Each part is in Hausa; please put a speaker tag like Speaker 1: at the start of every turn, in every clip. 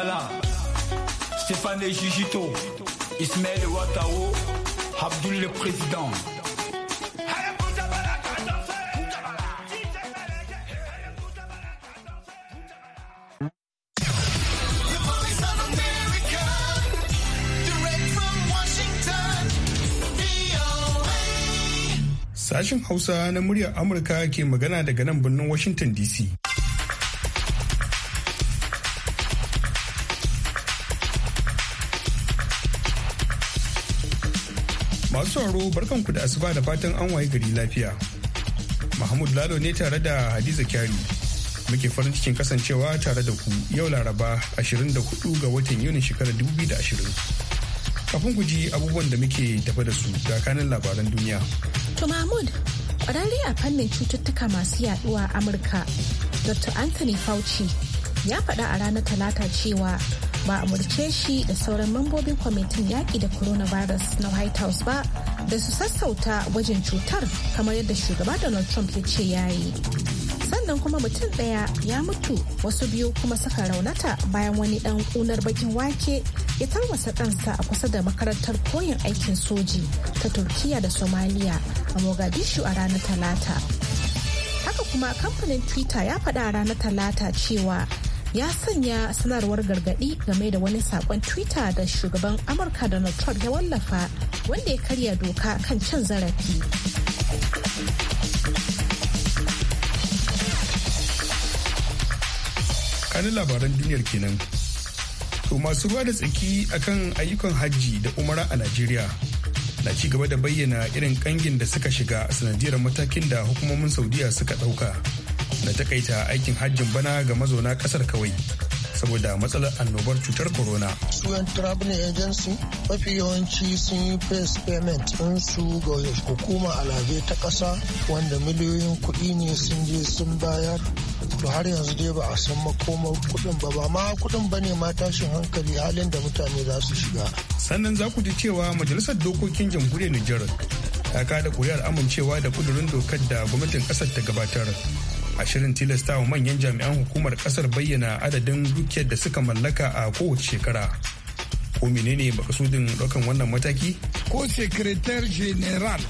Speaker 1: Voilà. Stéphane Jujito, Ismaël Ouattao, Abdoul le Président.
Speaker 2: Sashen Hausa na muryar Amurka ke magana daga nan birnin Washington DC. Masu sauraro barkanku da asuba da fatan an waye gari lafiya. Mahmud Lalo ne tare da Hadiza Kyari. Muke farin cikin kasancewa tare da ku yau Laraba 24 ga watan yuni shekarar 2020. Kafin ku ji abubuwan da muke tafa da su ga labaran duniya.
Speaker 3: To Mahmud, kwararre a fannin cututtuka masu yaduwa a Amurka, Dr. Anthony Fauci ya faɗa a ranar Talata cewa ba a murce shi da sauran mambobin kwamitin yaƙi da coronavirus na white house ba da su sassauta gwajin cutar kamar yadda shugaba donald trump ya ce ya yi sannan kuma mutum ɗaya ya mutu wasu biyu kuma suka raunata bayan wani ɗan ƙunar bakin wake ya tarwasa kansa a kusa da makarantar koyin aikin soji ta turkiya da somaliya a mogadishu a ranar talata haka kuma kamfanin twitter ya faɗa a ranar talata cewa ya sanya sanarwar gargaɗi game da wani sakon twitter da shugaban amurka donald trump ya wallafa wanda ya karya doka kan cin zarafi
Speaker 2: kanin labaran duniyar kenan to masu ruwa da tsaki akan ayyukan hajji da umara a najeriya na ci gaba da bayyana irin kangin da suka shiga sanadiyar matakin da hukumomin saudiya suka ɗauka. da takaita aikin hajjin bana ga mazauna kasar kawai saboda matsalar annobar cutar corona.
Speaker 4: 'yan travel agency mafi yawanci sun yi face payment su ga hukuma alabe ta ƙasa wanda miliyoyin kuɗi ne sun je sun bayar to har yanzu dai ba a san makomar kuɗin ba ba ma kuɗin ba ne ma tashin hankali halin da mutane za su shiga.
Speaker 2: Sannan za ku ji cewa majalisar dokokin jamhuriyar Nijar ta kada kuri'ar amincewa da kudurin dokar da gwamnatin ƙasar ta gabatar a shirin tilastawa manyan jami'an hukumar kasar bayyana adadin dukiyar da suka mallaka a kowace shekara ko menene makasudin ɗaukan wannan mataki ko sekretar general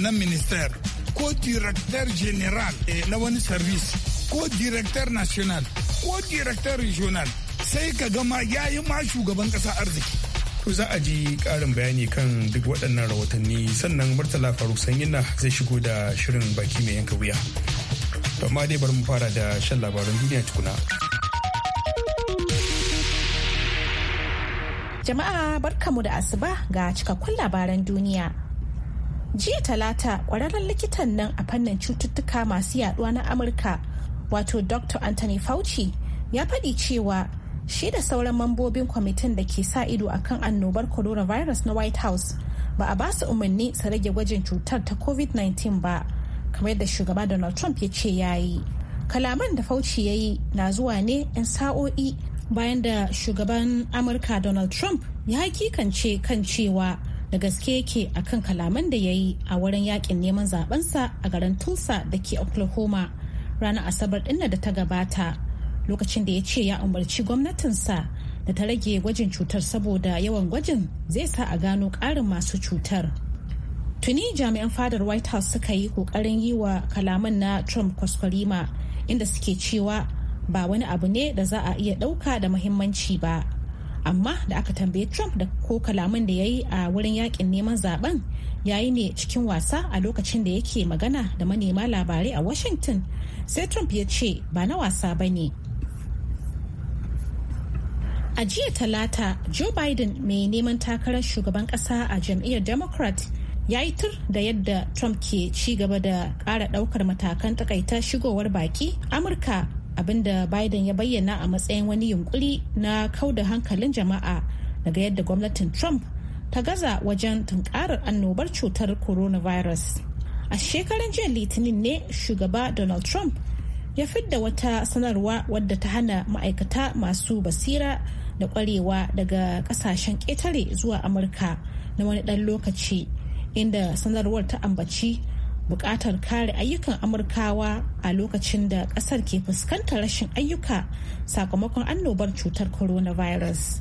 Speaker 2: na minister ko director general eh, na wani
Speaker 1: service ko director national ko director regional sai ka gama
Speaker 2: ya yi ma shugaban kasa arziki ko za a ji ƙarin bayani kan duk waɗannan rahotanni sannan Murtala Faruk Sanyina zai shigo da shirin baki mai yanka wuya. amma dai bari mu fara da shan labaran duniya tukuna.
Speaker 3: Jama'a barkamu da asuba ga cikakkun labaran duniya. Jiya talata kwararren likitan nan a fannin cututtuka masu yaduwa na Amurka wato Dr. Anthony Fauci ya faɗi cewa shi da sauran mambobin kwamitin da ke sa ido a kan annobar coronavirus na White House ba a ba su umarni su rage gwajin cutar ta COVID-19 ba. kamar yadda shugaba donald trump ya ce ya yi kalaman da fauci ya yi na zuwa ne 'yan sa'o'i bayan da shugaban amurka donald trump ya hakikance kan cewa da gaske yake kan kalaman da ya yi a wurin yakin neman zabensa a garin tulsa da ke oklahoma ranar asabar dinna da ta gabata lokacin da ya ce ya umarci gwamnatinsa da ta rage gwajin cutar saboda yawan gwajin zai sa a gano ƙarin masu cutar Tuni jami'an fadar White House suka yi kokarin yi wa kalaman na Trump kwaskwarima inda suke cewa ba wani abu ne da za a iya ɗauka da muhimmanci ba. Amma da aka tambaye Trump da ko kalaman da ya yi a wurin yakin neman zaben ya yi ne cikin wasa a lokacin da yake magana da manema labarai a Washington sai Trump ya ce ba na wasa ba ne. A jiya talata, Joe Biden mai neman takarar shugaban kasa a jam'iyyar Democrat ya yi tur da yadda trump ke ci gaba da ƙara ɗaukar matakan takaita shigowar baki amurka abinda biden ya bayyana a matsayin wani yunkuri na kauda hankalin jama'a daga yadda gwamnatin trump ta gaza wajen tunkarar annobar cutar coronavirus a shekaran jiya litinin ne shugaba donald trump ya fidda wata sanarwa wadda ta hana ma'aikata masu basira da kwarewa daga kasashen ƙetare zuwa amurka na wani ɗan lokaci inda sanarwar ta ambaci buƙatar kare ayyukan amurkawa a lokacin da ƙasar ke fuskantar rashin ayyuka sakamakon annobar cutar coronavirus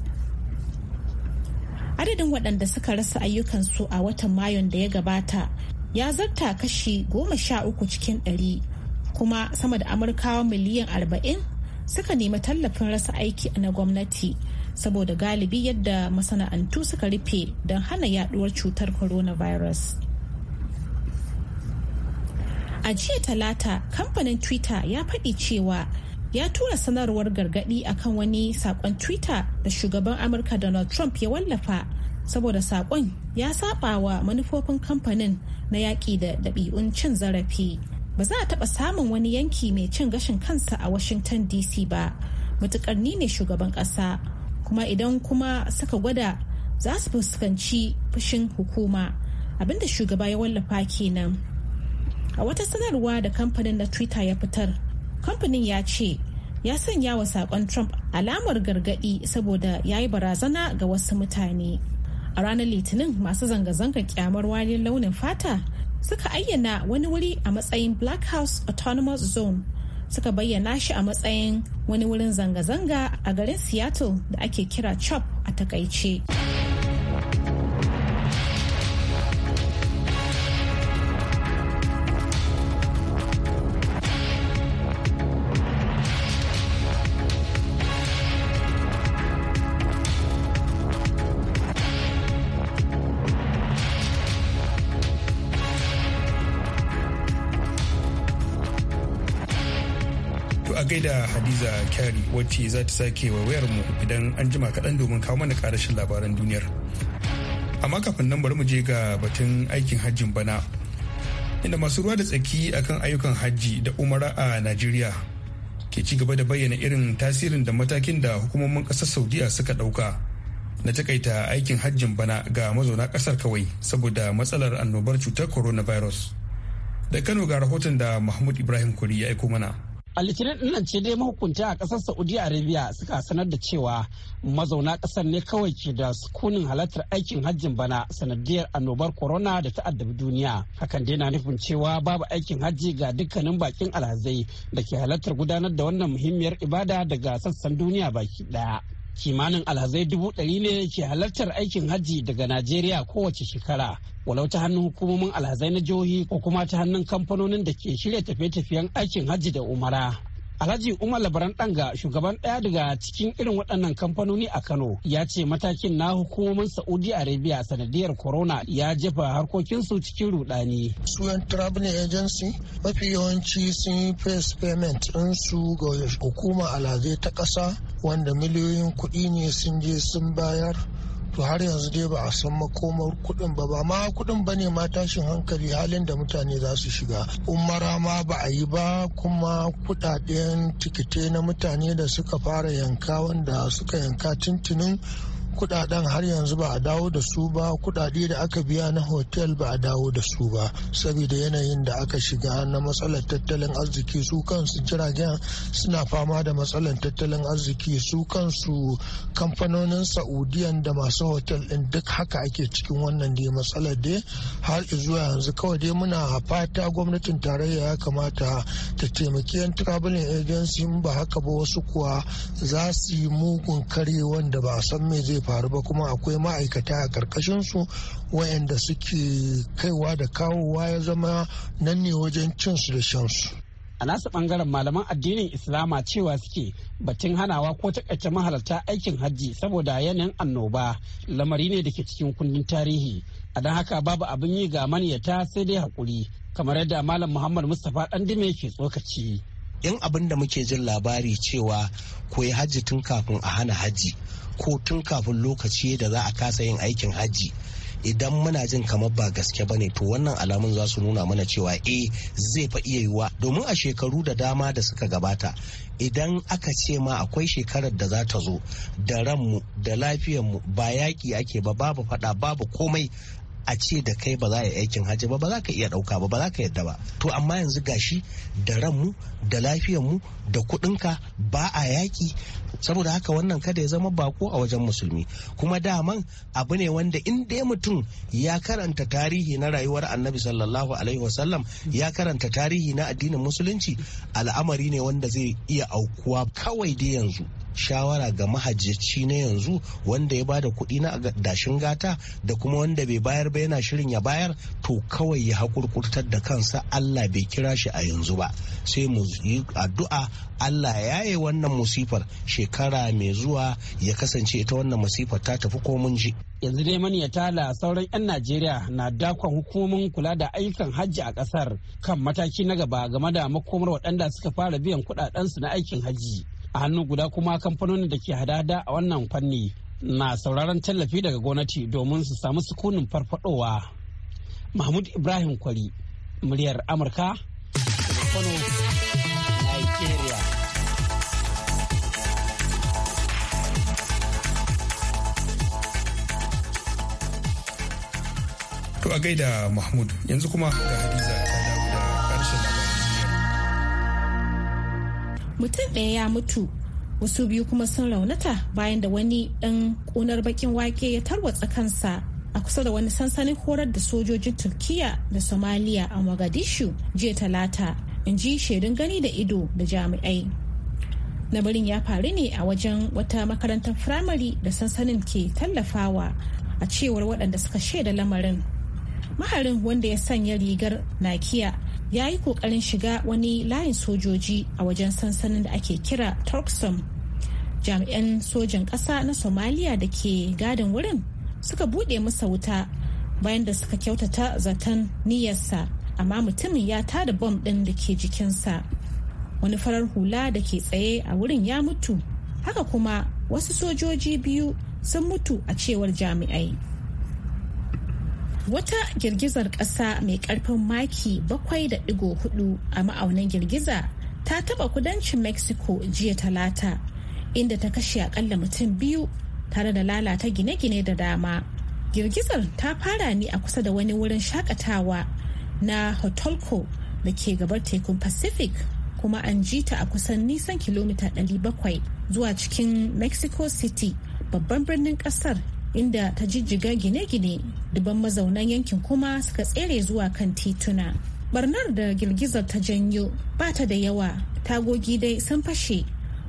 Speaker 3: adadin waɗanda suka rasa ayyukansu a watan mayun da ya gabata ya zarta kashi goma sha uku cikin ɗari kuma sama da amurkawa miliyan arba'in suka nemi tallafin rasa aiki na gwamnati saboda galibi yadda masana'antu suka rufe don hana yaduwar cutar coronavirus. A jiya talata kamfanin Twitter ya faɗi cewa ya tura sanarwar gargaɗi akan wani saƙon Twitter da shugaban Amurka Donald Trump ya wallafa saboda saƙon ya saba wa manufofin kamfanin na yaƙi da ɗabi'un cin zarafi. Ba za a taɓa samun wani yanki mai cin gashin kansa a Washington DC ba, matuƙar ni ne shugaban ƙasa. kuma idan kuma suka gwada za su fuskanci fushin hukuma abinda shugaba ya wallafa kenan a wata sanarwa da kamfanin na twitter ya fitar kamfanin ya ce ya sanya wa sakon trump alamar gargadi saboda ya yi barazana ga wasu mutane a ranar litinin masu zanga-zangar kyamar wani launin fata suka ayyana wani wuri a matsayin black house autonomous zone suka bayyana shi a matsayin wani wurin zanga-zanga a garin seattle da ake kira chop a takaice.
Speaker 2: gaida Hadiza Kyari wacce za ta sake wayar mu idan an jima kaɗan domin kawo mana ƙarashin labaran duniyar. Amma kafin nan bari mu je ga batun aikin hajjin bana. Inda masu ruwa da tsaki akan ayyukan hajji da umara a Najeriya ke ci gaba da bayyana irin tasirin da matakin da hukumomin ƙasar Saudiya suka ɗauka na takaita aikin hajjin bana ga mazauna ƙasar kawai saboda matsalar annobar cutar coronavirus. Da Kano ga rahoton da Mahmud Ibrahim Kuri ya aiko mana.
Speaker 5: a litinin dinnan ce dai mahukunta a kasar saudi arabia suka sanar da cewa mazauna kasar ne kawai ke da sukunin halartar aikin hajjin bana sanadiyar annobar corona da ta addabi duniya hakan dai na nufin cewa babu aikin hajji ga dukkanin bakin alhazai da ke halartar gudanar da wannan muhimmiyar ibada daga sassan duniya baki daya kimanin alhazai dubu ɗari ne ke halartar aikin hajji daga najeriya kowace shekara walau ta hannun hukumomin alhazai na jihohi ko kuma ta hannun kamfanonin da ke shirya tafiye-tafiyen aikin hajji da umara Alhaji Umar Labaran Danga shugaban ɗaya daga cikin irin waɗannan kamfanoni a Kano ya ce matakin na hukumomin Saudi Arabia sanadiyar corona ya jefa
Speaker 4: harkokinsu cikin rudani. Suyan Travel Agency mafi yawanci sun yi face payment su ga hukuma alhazai ta ƙasa wanda miliyoyin kuɗi ne sun je sun bayar to har yanzu dai ba a san makomar kuɗin ba ba ma kuɗin ba ne ma tashin hankali halin da mutane za su shiga umara ma ba a yi ba kuma kuɗaɗen tikite na mutane da suka fara yanka wanda suka yanka tuntunin kudaden har yanzu ba a dawo da su ba kudade da aka biya na hotel ba a dawo da su ba saboda yanayin da aka shiga na matsalar tattalin arziki su kansu jiragen suna fama da matsalar tattalin arziki su kansu kamfanonin saudiyan da masu hotel din duk haka ake cikin wannan ne matsalar dai har zuwa yanzu kawai dai muna fata gwamnatin tarayya ya kamata ta taimaki yan traveling agency ba haka ba wasu kuwa za su yi mugun kare wanda ba san me zai faru ba kuma akwai ma'aikata a ƙarƙashin su wayanda suke kaiwa da kawowa ya zama nan ne wajen cin su da su
Speaker 5: a nasu bangaren malaman addinin islama cewa suke batun hanawa ko takaice mahalarta aikin hajji saboda yanayin annoba lamari ne da ke cikin kundin tarihi a don haka babu abin yi ga maniyata sai dai hakuri kamar yadda malam muhammad mustapha dandime ke tsokaci in abin da muke jin labari cewa koyi hajji tun kafin a hana hajji
Speaker 6: ko tun kafin lokaci da za a kasa yin aikin hajji idan muna jin kamar ba gaske ba ne to wannan alamun za su nuna mana cewa eh zai fa iya yiwuwa domin a shekaru da dama da suka gabata idan aka ce ma akwai shekarar da za ta zo da ranmu da lafiyarmu ba yaƙi ake ba babu faɗa babu komai a ce da kai ba za a yi aikin hajji ba ba za ka iya ɗauka ba ba za ka yadda ba to amma yanzu gashi da ranmu da lafiyarmu da kuɗinka ba a yaki. saboda haka wannan kada ya zama bako a wajen musulmi kuma daman abu ne wanda in dai mutum ya karanta tarihi na rayuwar annabi sallallahu alaihi wasallam ya karanta tarihi na addinin musulunci al'amari ne wanda zai iya aukuwa kawai dai yanzu shawara ga mahajjaci na yanzu wanda ya ba da kuɗi na dashin gata da kuma wanda bai bayar ba yana shirin ya bayar to kawai ya haƙurƙurtar da kansa Allah bai kira shi a yanzu ba sai mu yi addu'a Allah ya yi wannan musifar shekara mai zuwa ya kasance ita wannan musifar ta tafi ko mun ji
Speaker 5: yanzu dai maniyata Tala sauran 'yan najeriya na dakon hukumomin kula da ayyukan hajji a kasar kan mataki na gaba game da makomar waɗanda suka fara biyan kuɗaɗensu na aikin hajji a hannu guda kuma kamfanonin da ke hada-hada a wannan fanni na sauraron tallafi daga gwamnati domin su samu sukunin farfadowa mahmud ibrahim kwari muryar amurka
Speaker 7: nigeria
Speaker 2: to a gaida mahmud yanzu kuma ga hadiza
Speaker 3: mutum ɗaya ya mutu wasu biyu kuma sun raunata bayan da wani ɗan ƙunar bakin wake ya tarwatsa kansa a kusa da wani sansanin horar da sojojin turkiya da somaliya a mogadishu jiya talata in ji shaidun gani da ido da jami'ai lamarin ya faru ne a wajen wata makarantar firamare da sansanin ke tallafawa a cewar waɗanda suka shaida lamarin maharin wanda ya sanya rigar nakiya ya yi kokarin shiga wani layin sojoji a wajen sansanin da ake kira turkson jami'an sojan ƙasa na somaliya da ke gadin wurin suka buɗe masa wuta bayan da suka kyautata zaton niyyarsa amma mutumin ya tada bom ɗin da ke jikinsa wani farar hula da ke tsaye a wurin ya mutu haka kuma wasu sojoji biyu sun mutu a cewar jami'ai Wata girgizar ƙasa mai ƙarfin maki 7.4 a ma'aunin girgiza ta taɓa kudancin Mexico jiya talata inda ta kashe akalla mutum biyu tare da lalata gine-gine da dama. Girgizar ta fara ne a kusa da wani wurin shakatawa na Hotolko da ke gabar tekun Pacific kuma an ji ta a kusan nisan kilomita 700 zuwa cikin Mexico City babban birnin kasar inda ta jijjiga gine-gine duban mazaunan yankin kuma suka tsere zuwa kan tituna barnar da girgizar ta janyo ba ta da yawa tagogi dai sun fashe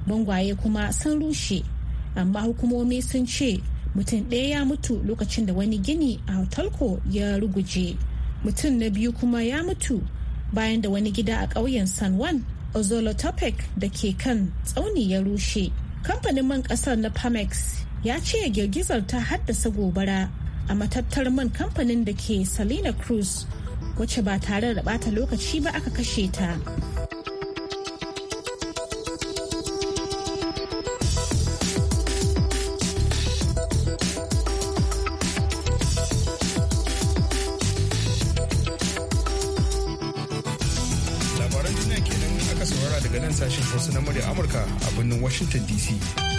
Speaker 3: bangwaye kuma sun rushe amma hukumomi sun ce mutum ɗaya ya mutu lokacin da wani gini a talko ya ruguje mutum na biyu kuma ya mutu bayan da wani gida a ƙauyen san juan ozolotopec da ke kan tsauni ya rushe kamfanin man ƙasar na pamex ya ce girgizar ta haddasa gobara a matattar man kamfanin da ke salina cruz wacce ba tare da bata lokaci ba aka kashe ta
Speaker 2: labaran duniya kenan aka saurara daga nan sashen hausa na murya amurka a birnin washington dc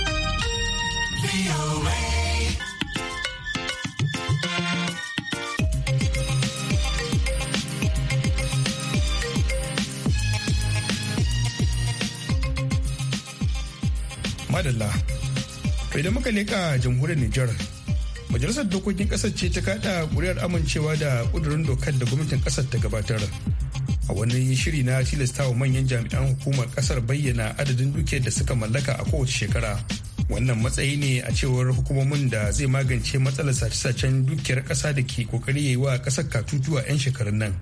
Speaker 2: Madalla. To idan muka leka jamhuriyar Nijar, majalisar dokokin kasar ce ta kada kuri'ar amincewa da kudurin dokar da gwamnatin kasar ta gabatar. A wani shiri na tilastawa manyan jami'an hukumar kasar bayyana adadin dukiyar da suka mallaka a kowace shekara. wannan matsayi ne a cewar hukumomin da zai magance matsalar sace-sacen dukiyar ƙasa da ke kokari yi wa ƙasar katutu a 'yan shekarun nan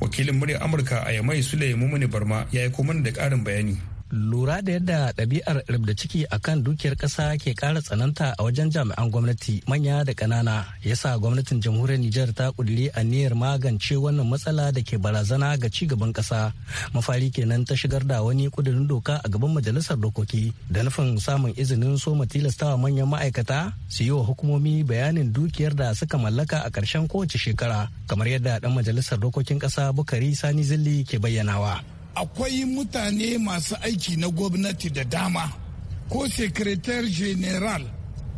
Speaker 2: wakilin muryar amurka a yamai sule mumuni barma ya yi mana da ƙarin bayani lura da yadda ɗabi'ar rubda ciki a kan dukiyar ƙasa ke ƙara tsananta
Speaker 8: a wajen jami'an gwamnati manya da ƙanana ya sa gwamnatin jamhuriyar nijar ta ƙudiri niyyar magance wannan matsala da ke barazana ga ci gaban ƙasa mafari kenan ta shigar da wani ƙudurin doka a gaban majalisar dokoki da nufin samun izinin soma tilastawa manyan ma'aikata su yi wa hukumomi bayanin dukiyar da suka mallaka a ƙarshen kowace shekara kamar yadda ɗan majalisar dokokin ƙasa bukari sani zilli ke bayyanawa. akwai mutane
Speaker 1: masu aiki na gwamnati da dama ko secretary general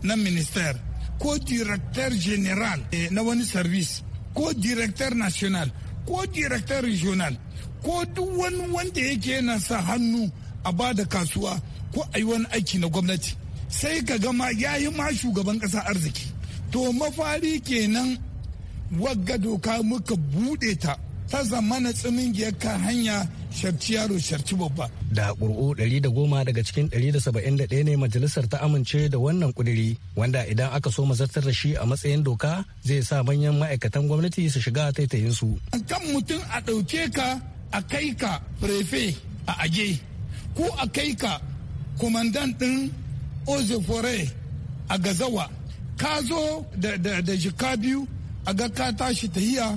Speaker 1: na minister ko director general eh, na wani service ko director national ko director regional ko duk wani wanda yake yana sa hannu a ba da kasuwa ko a yi wani aiki na gwamnati sai ka gama ya yi ma shugaban kasa arziki to mafari kenan wagga doka muka buɗe ta ta zamana tsimingiyar kan hanya sharci yaro sharci babba.
Speaker 8: Da ƙuri'u 110 daga cikin 171 ne majalisar ta amince da wannan ƙudiri wanda idan aka so mazartar da shi a matsayin doka zai sa manyan ma'aikatan gwamnati su shiga an
Speaker 1: Kan mutum a ɗauke ka a kai ka prefe a aje ko a kai ka kumandan ɗin ozefore a gazawa ka zo da jika biyu a ga ka tashi tahiya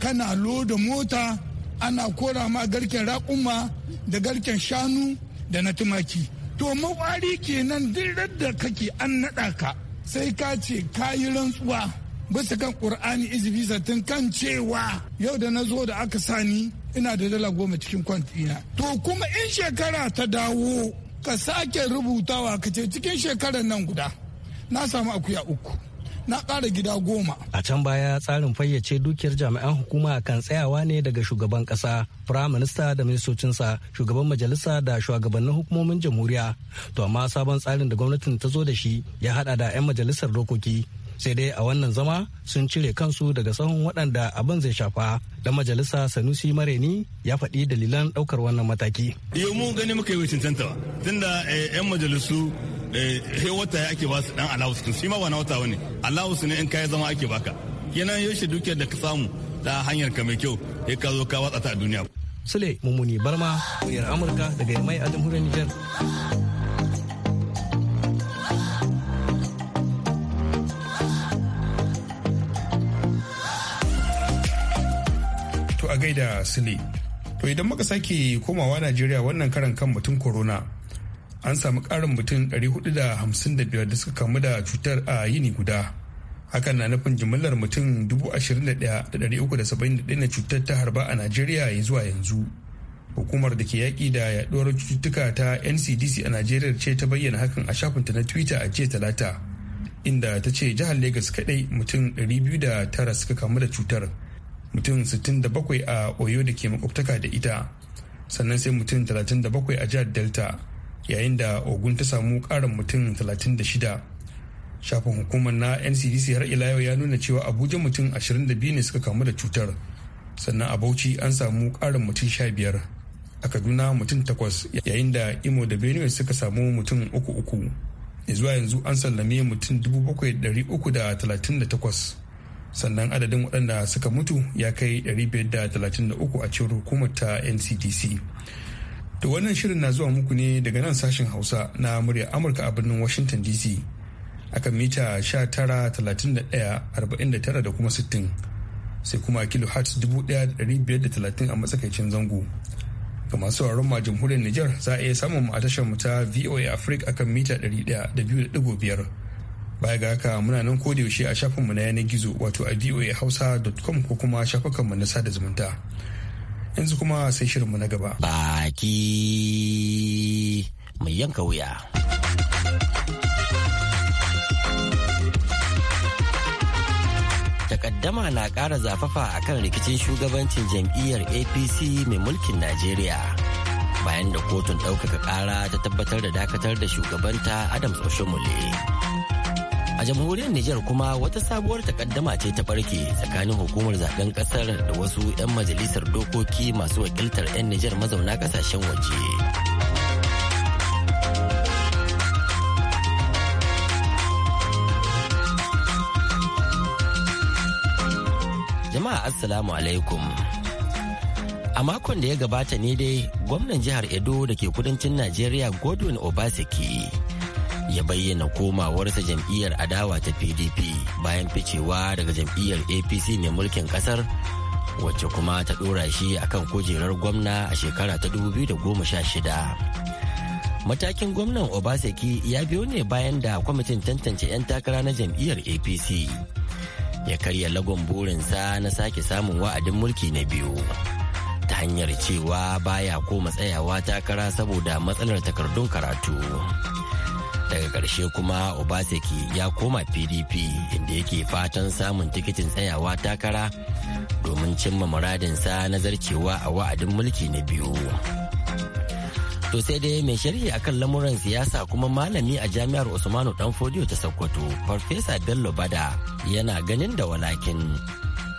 Speaker 1: kana loda mota ana kora ma garken raƙuma da garken shanu da na tumaki to mawari kenan duk da kake an naɗa ka sai ka ce ka yi rantsuwa bisa kan ƙur'ani izibi sattin kan cewa yau da na zo da aka sani ina da dala goma cikin kwantina to kuma in shekara ta dawo ka sake rubutawa ka ce cikin shekarar nan guda na samu akuya uku na ƙara gida goma.
Speaker 8: A can baya tsarin fayyace dukiyar jami'an hukuma kan tsayawa ne daga shugaban ƙasa, firaminista da ministocinsa, shugaban majalisa da shugabannin hukumomin jamhuriya. To amma sabon tsarin da gwamnatin ta zo da shi ya haɗa da 'yan majalisar dokoki. Sai dai a wannan zama sun cire kansu daga sahun waɗanda abin zai shafa da majalisa Sanusi Mareni ya faɗi dalilan ɗaukar wannan mataki.
Speaker 6: Yau mu gani muka yi wacin tantawa, tunda eh, 'yan majalisu Eh, he wata ya ake basu dan allowance shi ma wani wata wani allowance ne in kai zama ake baka kenan yaushe dukiyar da ka samu
Speaker 8: ta hanyar ka mai kyau ya ka zo ka watsa ta duniya sule mumuni barma muryar amurka daga mai a jamhuriyar niger
Speaker 2: to a gaida sule to idan muka sake komawa najeriya wannan karan kan batun corona an samu ƙarin mutum 455 da suka kamu da cutar a yini guda hakan na nufin jimillar mutum 21,371 na cutar ta harba a najeriya ya zuwa yanzu hukumar da ke yaƙi da yaɗuwar cututtuka ta ncdc a najeriya ce ta bayyana hakan a shafinta na twitter a jiya talata inda ta ce jihar lagos kaɗai mutum 209 suka kamu da cutar mutum 67 a oyo da ke makwabtaka da ita sannan sai mutum 37 a jihar delta yayin da ogun ta samu karin mutum 36 shafin hukumar na ncdc har ila yau ya nuna cewa abuja mutum 22 ne suka kamu da cutar sannan a bauchi an samu karin mutum 15 a kaduna mutum 8 yayin da imo da benue suka samu mutum uku uku zuwa yanzu an sallame mutum 7,338 sannan adadin waɗanda suka mutu ya kai 533 a cikin hukumar ta ncdc To wannan shirin na zuwa muku ne daga nan sashen Hausa na muryar Amurka a birnin Washington DC. Akan mita 19,31,49 da kuma 60 sai kuma da 1,530 a matsakaicin zango. Ga masu sauraron ma jamhuriyar Nijar za a iya samun mu a tashar mu ta VOA Africa akan mita 100.5. Baya ga haka muna nan kodayaushe a shafinmu na yanar gizo wato a voahausa.com ko kuma shafukanmu na sada zumunta. yanzu kuma sai shirinmu na gaba. Baki mai yanka wuya.
Speaker 7: Takaddama na ƙara zafafa a kan rikicin shugabancin jam'iyyar APC mai mulkin Najeriya. Bayan da kotun ɗaukaka ƙara ta tabbatar da dakatar da shugabanta Adams Oshomole. a jamhuriyar Nijar kuma wata sabuwar takaddama ce ta barke tsakanin hukumar zaben kasar da wasu 'yan majalisar dokoki masu wakiltar 'yan Nijar mazauna kasashen waje. Jama'a Assalamu alaikum. A makon da ya gabata ne dai gwamnan jihar Edo da ke kudancin Najeriya Godwin Obaseki ya bayyana komawarsa jam'iyyar adawa ta pdp bayan ficewa daga jam'iyyar apc ne mulkin kasar wacce kuma ta dora shi akan kujerar gwamna a shekara ta 2016 matakin gwamnan obaseki ya biyo ne bayan da kwamitin tantance 'yan takara na jam'iyyar apc ya karya lagon burinsa na sake samun wa'adin mulki na biyu ta hanyar cewa baya koma tsayawa takara saboda matsalar takardun karatu daga ƙarshe kuma obaseki ya koma pdp inda yake fatan samun tikitin tsayawa takara domin cimma muradinsa na zarcewa a wa'adin mulki na biyu to sai dai mai sharhi akan lamuran siyasa kuma malami a jami'ar usmanu danfodiyo ta sokoto farfesa bello bada yana ganin da walakin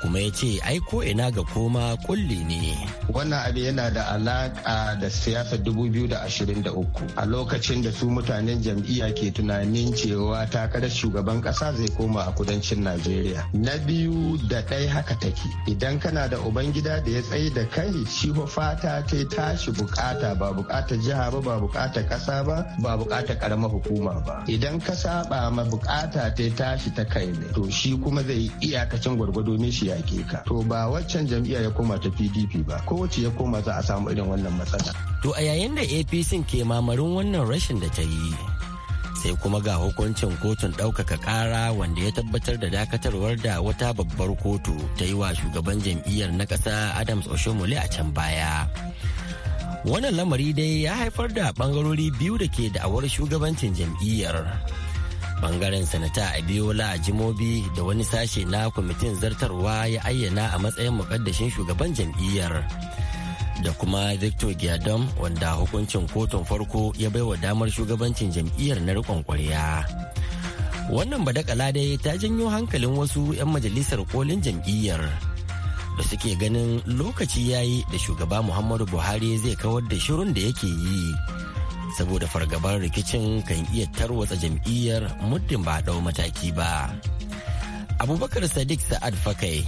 Speaker 7: kuma ya ce ai ko ina ga koma kulli ne. Wannan abu yana da alaƙa da siyasa dubu
Speaker 6: biyu da da ashirin uku. a lokacin da su mutanen jam'iyya ke tunanin cewa takarar shugaban ƙasa zai koma a kudancin Najeriya. Na biyu da ɗai haka take idan kana da ubangida da ya tsaye da kai shi fata ta tashi bukata ba bukata jiha ba ba bukata ƙasa ba ba bukata ƙaramar hukuma ba. Idan ka saba ma bukata ta tashi ta kai ne to shi kuma zai iyakacin gwargwado ne shi yaƙe ka to ba waccan jam'iyya ya koma ta pdp ba Ko wacce ya koma za a samu irin wannan matsala
Speaker 7: to a yayin da apc ke mamarin wannan rashin da ta yi sai kuma ga hukuncin kotun ɗaukaka kara wanda ya tabbatar da dakatarwar da wata babbar kotu ta yi wa shugaban jam'iyyar na ƙasa adams oshomole a can baya wannan lamari dai ya haifar da ɓangarori biyu da ke da'awar shugabancin jam'iyyar bangaren sanata abiola jimobi da wani sashe na kwamitin zartarwa ya ayyana a matsayin mukaddashin shugaban jam'iyyar da kuma victor Giadam wanda hukuncin kotun farko ya baiwa damar shugabancin jam'iyyar na rikon kwarya wannan badakala dai ta janyo hankalin wasu 'yan majalisar kolin jam'iyyar da suke ganin lokaci yayi da shugaba muhammadu buhari zai kawar da shirin da yake yi saboda fargabar rikicin kan iya tarwatsa jam'iyyar muddin ba ɗau mataki ba abubakar sadiq sa'ad fakai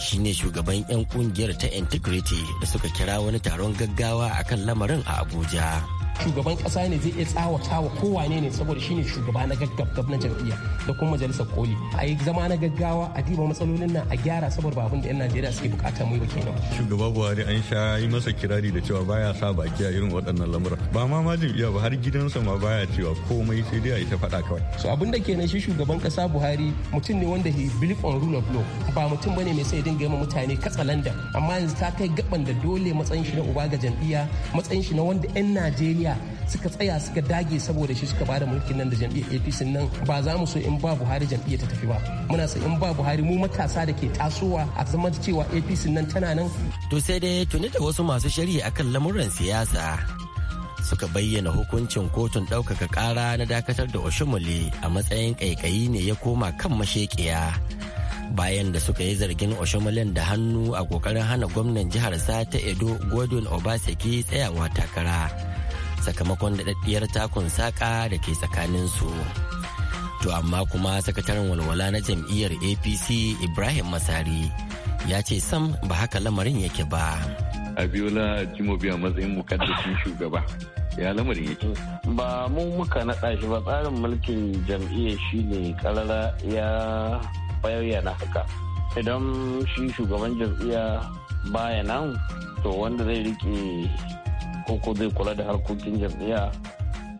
Speaker 7: shine shugaban 'yan kungiyar ta integrity da suka kira wani taron gaggawa akan lamarin a abuja
Speaker 5: shugaban kasa ne zai iya tsawata wa kowane ne saboda ne shugaba na gaggab na jam'iyya da kuma majalisar koli a yi zama na gaggawa a diba matsalolin nan a gyara saboda ba abin da yan najeriya suke bukata mu ba kenan
Speaker 8: shugaba buhari an sha yi masa kirari da cewa baya sa baki a irin waɗannan lamura ba ma ma jam'iyya ba har gidansa ma baya cewa komai sai dai a ita faɗa kawai so abin da
Speaker 5: kenan shi shugaban kasa buhari mutum ne wanda he believe on rule of law ba mutum bane mai sai dinga yi mutane katsalandan amma yanzu ta kai gaban da dole matsayin shi na uba ga jam'iyya matsayin shi na wanda yan najeriya tsaya suka tsaya suka dage saboda shi suka bada mulkin nan da jam'iyyar APC nan ba za mu so in ba Buhari jam'iyyar ta tafi ba muna so in ba Buhari mu matasa da ke tasowa a zama cewa APC nan tana nan
Speaker 7: to sai dai tuni da wasu masu shari'a akan lamuran siyasa suka bayyana hukuncin kotun ɗaukaka kara na dakatar da oshumule a matsayin ƙaiƙayi ne ya koma kan mashekiya bayan da suka yi zargin Oshimule da hannu a ƙoƙarin hana gwamnan jihar sa ta Edo Godwin Obaseki tsayawa takara. sakamakon daɗaɗɗiyar takun saƙa da ke tsakanin su To amma kuma sakataren walwala na jam'iyyar APC Ibrahim Masari ya ce sam ba haka lamarin yake ba. Abiola Jimobi a matsayin mukaddasin shugaba.
Speaker 8: ya lamarin yake. Ba mu muka naɗa
Speaker 9: shi ba tsarin mulkin jam'iyyar shi ne ƙarara ya bayyana haka. Idan shi shugaban jam'iyya baya nan to wanda zai riƙe. ko ko zai kula da harkokin jam'iyya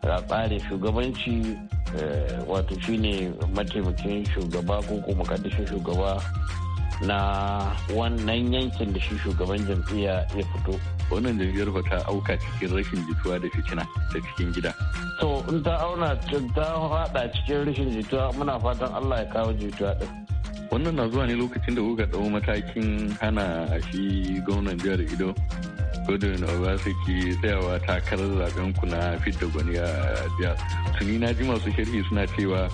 Speaker 9: a tsare shugabanci eh, wato shine mataimakin shugaba ko ko mukaddashin shugaba na wannan yankin da shi shugaban jam'iyya ya fito. Wannan jam'iyyar ba ta auka cikin rashin jituwa da fitina da cikin gida. To in ta auna ta haɗa cikin rashin jituwa
Speaker 8: muna fatan Allah ya kawo jituwa ɗin. Wannan na zuwa ne lokacin da kuka ɗau matakin hana shi gwamnan jihar Ido Godwin obasaki tsayawa takarar zaben ku na fidda gwani a jihar. Tuni na ji masu sharhi suna cewa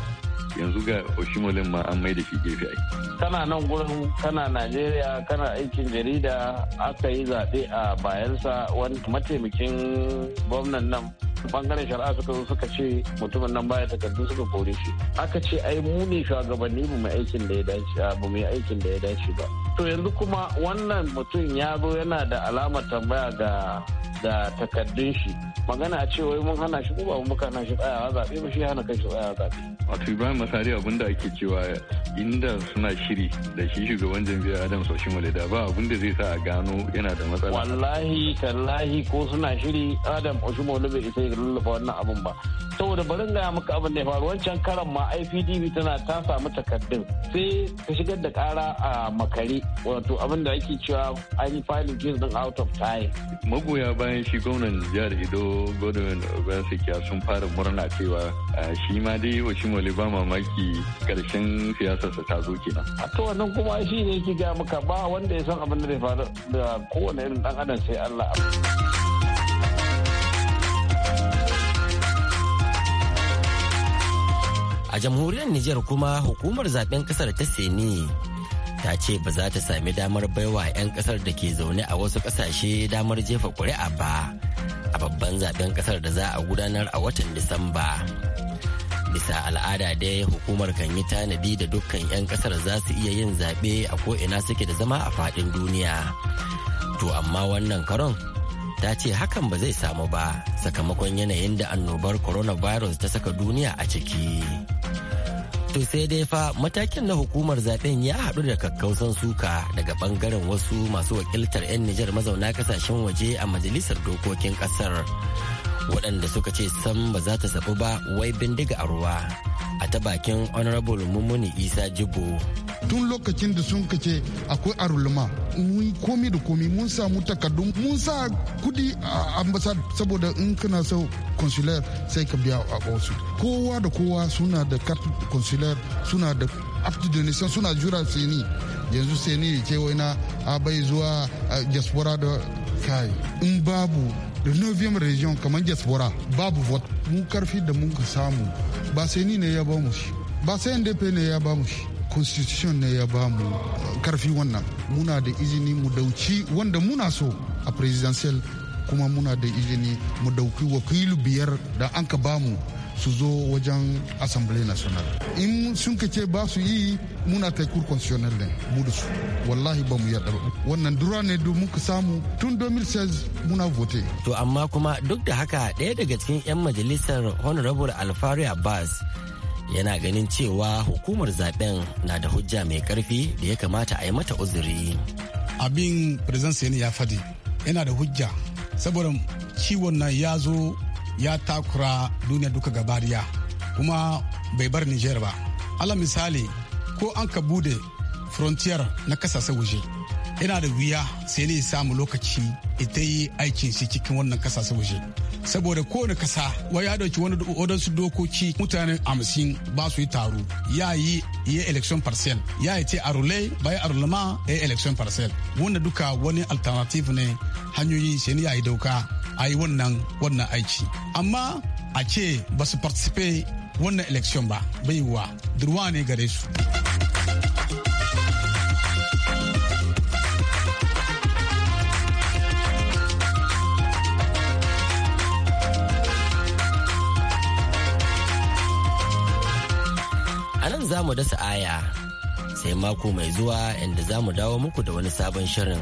Speaker 8: yanzu ga oshimolin ma an mai da shi gefe ai
Speaker 9: kana nan gurin kana najeriya kana aikin jarida aka yi zaɓe a bayansa wani mataimakin gwamnan nan bangaren shari'a suka zo suka ce mutumin nan baya takardu suka kore shi aka ce ai mu ne shugabanni mu mai aikin da ya dace ba mu yi aikin da ya dace ba to yanzu kuma wannan mutum ya zo yana da alamar tambaya ga da takaddun shi magana a ce wai mun hana shi kuma mun kana shi tsayawa zaɓe ba shi hana kai shi tsayawa zaɓe.
Speaker 8: wato bayan misali abin da ake cewa inda suna shiri da shi shugaban jam'iyyar adam soshin da ba abin da zai sa a gano yana da matsala. wallahi
Speaker 9: tallahi ko suna shiri adam soshin walida bai isa ya lullufa wannan abin ba saboda barin gaya muka abin da ya faru wancan karan ma ipdb tana ta samu takaddun sai ta shigar da kara a makare wato abin da ake cewa an filin case din out of time.
Speaker 8: Magoya bayan shi gwamnan jihar Edo Godwin Obasanjo sun fara murna cewa shi ma dai Oshimole ba mamaki karshen siyasarsa ta zo kenan.
Speaker 9: A to wannan kuma shi ne yake ga maka ba wanda ya san abin da zai faru da kowane irin dan adam sai Allah.
Speaker 7: A jamhuriyar Nijar kuma hukumar zaben kasar ta Seni ta ce ba za ta sami damar baiwa 'yan kasar da ke zaune a wasu kasashe damar jefa kuri'a ba a babban zaben kasar da za a gudanar a watan disamba bisa al'ada dai hukumar kan yi tanadi da dukkan 'yan kasar za su iya yin zaɓe a ko'ina suke da zama a faɗin duniya to amma wannan karon ta ce hakan ba zai samu ba sakamakon yanayin da annobar coronavirus ta saka duniya a ciki To sai dai fa matakin na hukumar zaben ya haɗu da kakkausan suka daga bangaren wasu masu wakiltar 'yan Nijar mazauna kasashen waje a majalisar dokokin ƙasar. waɗanda suka ce sam ba za ta zaɓi ba wai bindiga a ruwa a ta bakin honorable mummuni isa jibo
Speaker 1: tun lokacin da sun kace akwai arulma mun komi da komi mun samu takardun mun sa kudi a ambasad saboda in kana so consular sai ka biya a osu kowa da kowa suna da kartu consular suna da after nation suna jura seni yanzu seni ke wai a bai zuwa diaspora da kai in babu da region kamar diaspora babu vote mu karfi da mun samu ba sai ni ne ya ba mu shi ba sai ndp ne ya ba mu shi constitution ne ya ba mu karfi wannan muna da izini mu dauci wanda muna so a presidential kuma muna da izini mu dauki wakilu biyar da an ka ba mu. su zo wajen assembly national in sun kace ba su yi muna kai kur constitutional ne mu da su wallahi ba mu yarda wannan dura ne domin ka samu tun 2016 muna vote
Speaker 7: to amma kuma duk da haka ɗaya daga cikin 'yan majalisar honorable alfari abbas yana ganin cewa hukumar zaben na da hujja mai karfi da ya kamata a yi mata uzuri.
Speaker 1: abin president ya fadi yana da hujja saboda ciwon na ya zo ya takura duniya duka gabariya kuma bai bar niger ba ala misali ko an ka bude frontier na kasashe waje yana da wuya sai ne samu lokaci ita yi aikin shi cikin wannan kasashe waje saboda kowane kasa wai ya dauki wani odansu dokoki mutane hamsin ba su yi taro ya yi ya election parcel ya yi ce arulai bai arulama ya election parcel wanda duka wani alternative ne hanyoyi sai ya yi dauka a yi wannan wannan aiki amma a ce ba su participe wannan election ba bai wa durwa ne gare su
Speaker 7: a nan za mu dasa aya sai mako mai zuwa inda za mu dawo muku da wani sabon shirin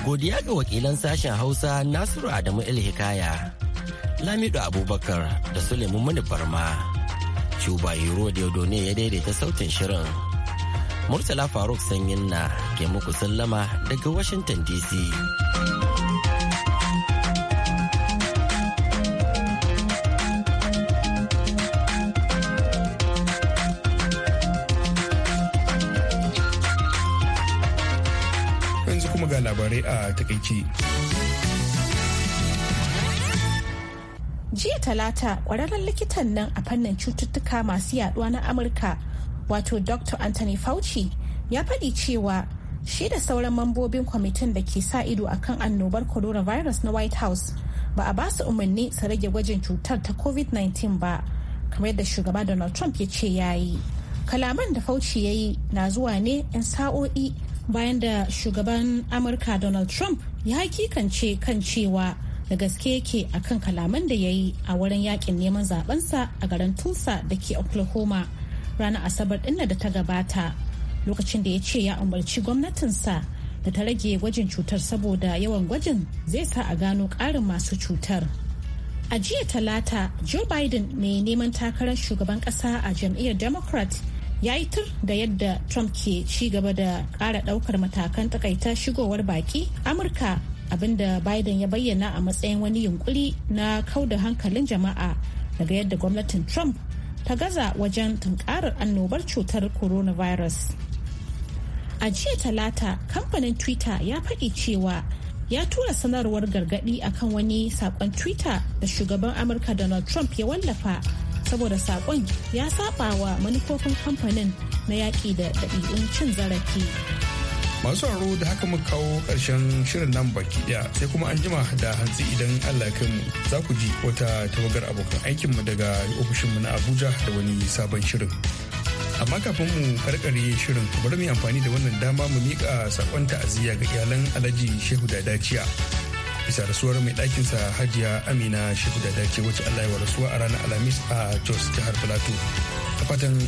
Speaker 7: Godiya ga wakilan sashen Hausa Nasiru Adamu Hikaya, Lamido Abubakar da Suleiman Mani Barma. Cuba Hero da ne ya daidaita sautin shirin. Murtala Faruk Sanyin na ke muku sallama daga Washington DC.
Speaker 2: labarai a takaice.
Speaker 3: jiya talata kwararren likitan nan a fannin cututtuka masu yaduwa na amurka wato dr anthony fauci ya faɗi cewa shi da sauran mambobin kwamitin da ke sa ido akan annobar coronavirus na white house ba a basu umarni su rage gwajin cutar ta covid-19 ba kamar yadda shugaba donald trump ya ce ya yi kalaman da fauci ya yi na zuwa ne 'yan sa'o'i bayan da shugaban amurka donald trump ya hakikance kan cewa da gaske yake akan kalaman da ya yi a wurin yakin neman zabensa a garin tulsa da ke oklahoma ranar asabar dinna da ta gabata lokacin da ya ce ya umarci gwamnatinsa da ta rage gwajin cutar saboda yawan gwajin zai sa a gano ƙarin masu cutar a jiya talata joe biden mai neman takarar shugaban kasa a jam'iyyar democrat ya yi tur da yadda trump ke ci gaba da kara daukar matakan takaita shigowar baki amurka abinda biden ya bayyana a matsayin wani yunkuri na kauda hankalin jama'a daga yadda gwamnatin trump ta gaza wajen tunkarar annobar cutar coronavirus a jiya talata kamfanin twitter ya faɗi cewa ya tura sanarwar gargaɗi akan wani saƙon twitter da shugaban amurka donald trump ya wallafa saboda saƙon ya saba wa manufofin kamfanin na yaƙi da ɗabi'un cin zarafi.
Speaker 2: masu haro da haka muka kawo ƙarshen shirin nan baki ɗaya sai kuma an jima da hantsi idan allah kai mu za ku ji wata tawagar abokan aikinmu daga ofishinmu na abuja da wani sabon shirin amma kafin mu karkare shirin bari mu amfani da wannan dama mu miƙa saƙon ta'aziyya ga iyalan alhaji shehu da daciya bisa rasuwar mai ɗakinsa hajiya amina shehu da dace wacce allah ya rasuwa a ranar alhamis a jos jihar plateau a fatan